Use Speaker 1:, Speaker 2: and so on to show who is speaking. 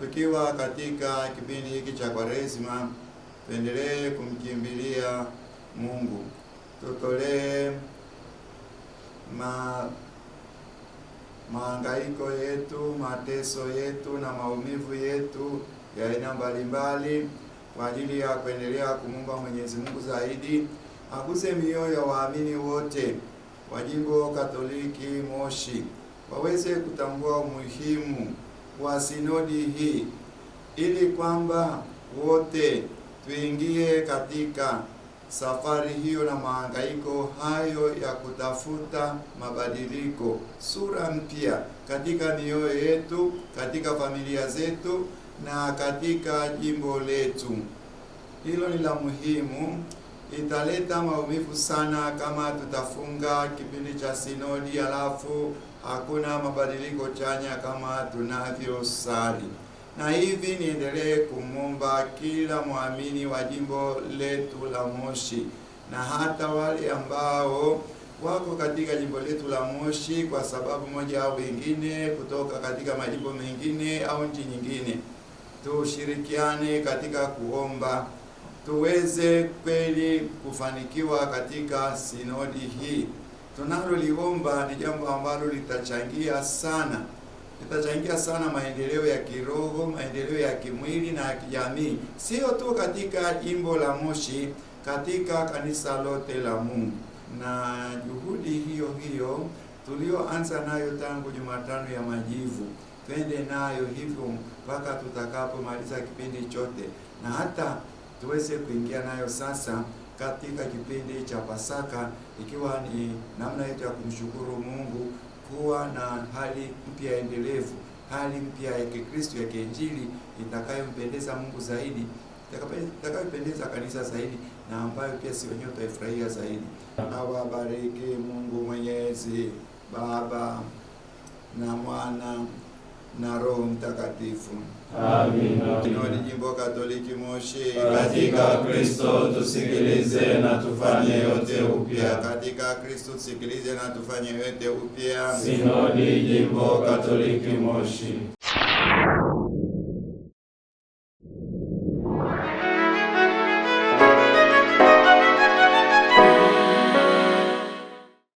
Speaker 1: Tukiwa katika kipindi hiki cha Kwaresima, tuendelee kumkimbilia Mungu, tutolee ma maangaiko yetu, mateso yetu na maumivu yetu ya aina mbalimbali kwa ajili ya kuendelea kumumba Mwenyezi Mungu zaidi aguse mioyo ya waamini wote wa Jimbo Katoliki Moshi waweze kutambua umuhimu wa sinodi hii ili kwamba wote tuingie katika safari hiyo na mahangaiko hayo ya kutafuta mabadiliko, sura mpya katika mioyo yetu, katika familia zetu na katika jimbo letu. Hilo ni la muhimu. Italeta maumivu sana kama tutafunga kipindi cha sinodi halafu hakuna mabadiliko chanya kama tunavyosali. Na hivi niendelee kumwomba kila mwamini wa jimbo letu la Moshi na hata wale ambao wako katika jimbo letu la Moshi kwa sababu moja au wengine, kutoka katika majimbo mengine au nchi nyingine, tushirikiane katika kuomba tuweze kweli kufanikiwa katika sinodi hii tunaloliomba ni jambo ambalo litachangia sana litachangia sana maendeleo ya kiroho, maendeleo ya kimwili na ya kijamii, sio tu katika jimbo la Moshi, katika kanisa lote la Mungu. Na juhudi hiyo hiyo tulioanza nayo tangu Jumatano ya Majivu, twende nayo hivyo mpaka tutakapomaliza kipindi chote, na hata tuweze kuingia nayo sasa katika kipindi cha Pasaka, ikiwa ni namna yetu ya kumshukuru Mungu kuwa na hali mpya endelevu, hali mpya ya Kikristo ya kiinjili itakayompendeza Mungu zaidi, itakayopendeza kanisa zaidi, na ambayo pia si wenyewe utaifurahia zaidi. Awabariki Mungu Mwenyezi, Baba na Mwana na Roho Mtakatifu.
Speaker 2: Amina.
Speaker 1: Sinodi Jimbo Katoliki Moshi,
Speaker 2: katika Kristo tusikilize na tufanye yote upya.
Speaker 1: Katika Kristo tusikilize na tufanye yote upya.
Speaker 2: Sinodi Jimbo Katoliki Moshi